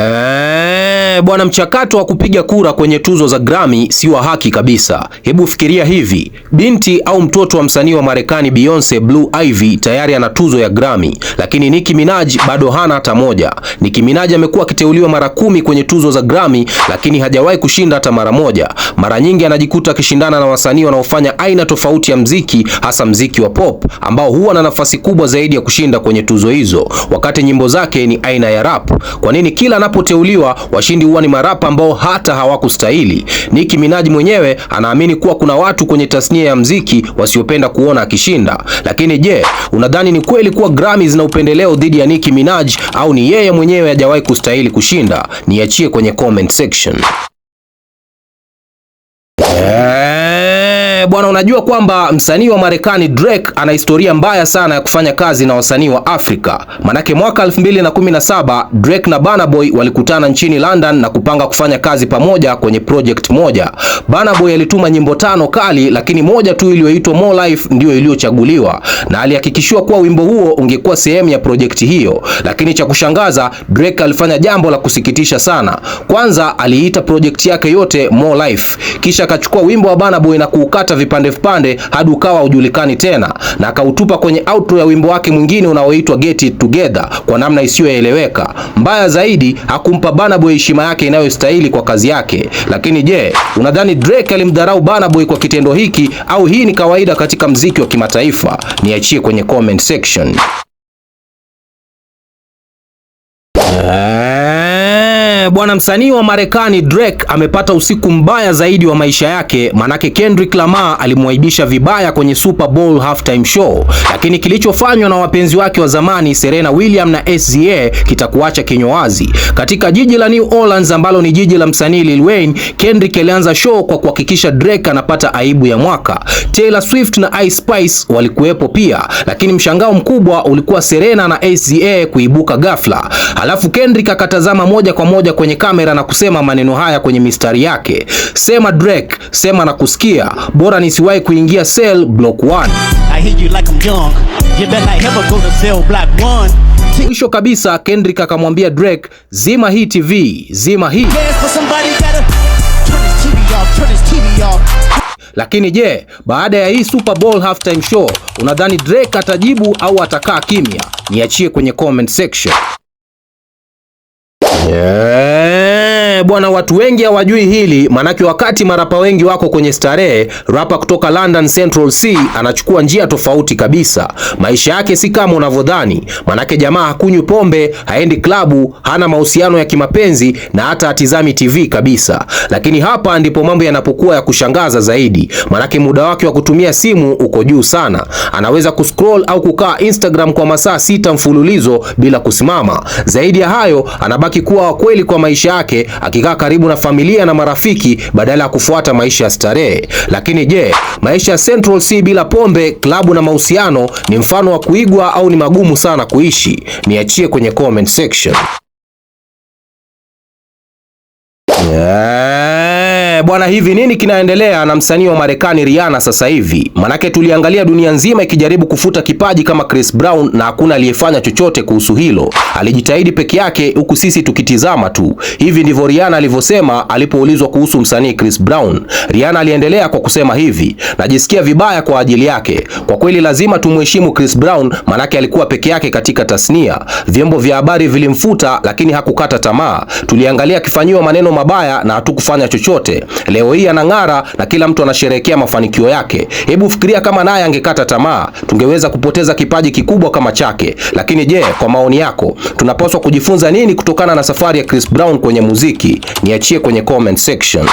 হ্যাঁ Eh, bwana, mchakato wa kupiga kura kwenye tuzo za Grammy si wa haki kabisa. Hebu fikiria hivi, binti au mtoto wa msanii wa Marekani Beyonce Blue Ivy tayari ana tuzo ya Grammy, lakini Nicki Minaj bado hana hata moja. Nicki Minaj amekuwa akiteuliwa mara kumi kwenye tuzo za Grammy, lakini hajawahi kushinda hata mara moja. Mara nyingi anajikuta akishindana na wasanii wanaofanya aina tofauti ya mziki, hasa mziki wa pop ambao huwa na nafasi kubwa zaidi ya kushinda kwenye tuzo hizo, wakati nyimbo zake ni aina ya rap. Kwa nini kila anapoteuliwa washindi huwa ni marapa ambao hata hawakustahili. Nicki Minaj mwenyewe anaamini kuwa kuna watu kwenye tasnia ya mziki wasiopenda kuona akishinda. Lakini je, unadhani ni kweli kuwa Grammy zina upendeleo dhidi ya Nicki Minaj au ni yeye mwenyewe hajawahi kustahili kushinda? Niachie kwenye comment section. bwana, unajua kwamba msanii wa Marekani Drake ana historia mbaya sana ya kufanya kazi na wasanii wa Afrika. Manake mwaka 2017 Drake na Burna Boy walikutana nchini London na kupanga kufanya kazi pamoja kwenye project moja. Burna Boy alituma nyimbo tano kali, lakini moja tu iliyoitwa More Life ndiyo iliyochaguliwa na alihakikishiwa kuwa wimbo huo ungekuwa sehemu ya projekti hiyo. Lakini cha kushangaza, Drake alifanya jambo la kusikitisha sana. Kwanza aliita projekti yake yote More Life, kisha akachukua wimbo wa Burna Boy na kuukata vipande vipande hadi ukawa hujulikani tena, na akautupa kwenye outro ya wimbo wake mwingine unaoitwa Get It Together kwa namna isiyoeleweka. Mbaya zaidi, hakumpa Bana Boy heshima yake inayostahili kwa kazi yake. Lakini je, unadhani Drake alimdharau Bana Boy kwa kitendo hiki au hii ni kawaida katika mziki wa kimataifa? Niachie kwenye comment section. Eh, bwana msanii wa Marekani Drake amepata usiku mbaya zaidi wa maisha yake, manake Kendrick Lamar alimwaibisha vibaya kwenye Super Bowl halftime show, lakini kilichofanywa na wapenzi wake wa zamani Serena Williams na SZA kitakuacha kinywa wazi. Katika jiji la New Orleans ambalo ni jiji la msanii Lil Wayne, Kendrick alianza show kwa kuhakikisha Drake anapata aibu ya mwaka. Taylor Swift na Ice Spice walikuwepo pia, lakini mshangao mkubwa ulikuwa Serena na SZA kuibuka ghafla. Halafu Kendrick akatazama moja kwa moja kwenye kamera na kusema maneno haya kwenye mistari yake: sema Drake, sema na kusikia, bora nisiwahi kuingia cell block 1. Mwisho kabisa Kendrick akamwambia Drake, zima hii TV, zima hii lakini je, baada ya hii Super Bowl halftime show unadhani Drake atajibu au atakaa kimya? Niachie kwenye comment section. Yeah. Eh, bwana, watu wengi hawajui hili manake, wakati marapa wengi wako kwenye starehe, rapa kutoka London Central C anachukua njia tofauti kabisa. Maisha yake si kama unavyodhani, manake jamaa hakunywi pombe, haendi klabu, hana mahusiano ya kimapenzi na hata atizami TV kabisa. Lakini hapa ndipo mambo yanapokuwa ya kushangaza zaidi, manake muda wake wa kutumia simu uko juu sana. Anaweza kuscroll au kukaa Instagram kwa masaa sita mfululizo bila kusimama. Zaidi ya hayo, anabaki kuwa wa kweli kwa maisha yake aki akikaa karibu na familia na marafiki badala ya kufuata maisha ya starehe. Lakini je, maisha ya Central C bila pombe, klabu na mahusiano ni mfano wa kuigwa au ni magumu sana kuishi? Niachie kwenye comment section. Yeah bwana, hivi nini kinaendelea na msanii wa Marekani Rihanna sasa hivi? Manake tuliangalia dunia nzima ikijaribu kufuta kipaji kama Chris Brown na hakuna aliyefanya chochote kuhusu hilo, alijitahidi peke yake, huku sisi tukitizama tu. Hivi ndivyo Rihanna alivyosema alipoulizwa kuhusu msanii Chris Brown. Rihanna aliendelea kwa kusema hivi, najisikia vibaya kwa ajili yake. Kwa kweli lazima tumheshimu Chris Brown, manake alikuwa peke yake katika tasnia. Vyombo vya habari vilimfuta, lakini hakukata tamaa. Tuliangalia akifanyiwa maneno mabaya na hatukufanya chochote. Leo hii anang'ara na kila mtu anasherehekea mafanikio yake. Hebu fikiria kama naye angekata tamaa, tungeweza kupoteza kipaji kikubwa kama chake. Lakini je, kwa maoni yako tunapaswa kujifunza nini kutokana na safari ya Chris Brown kwenye muziki? Niachie kwenye comment section.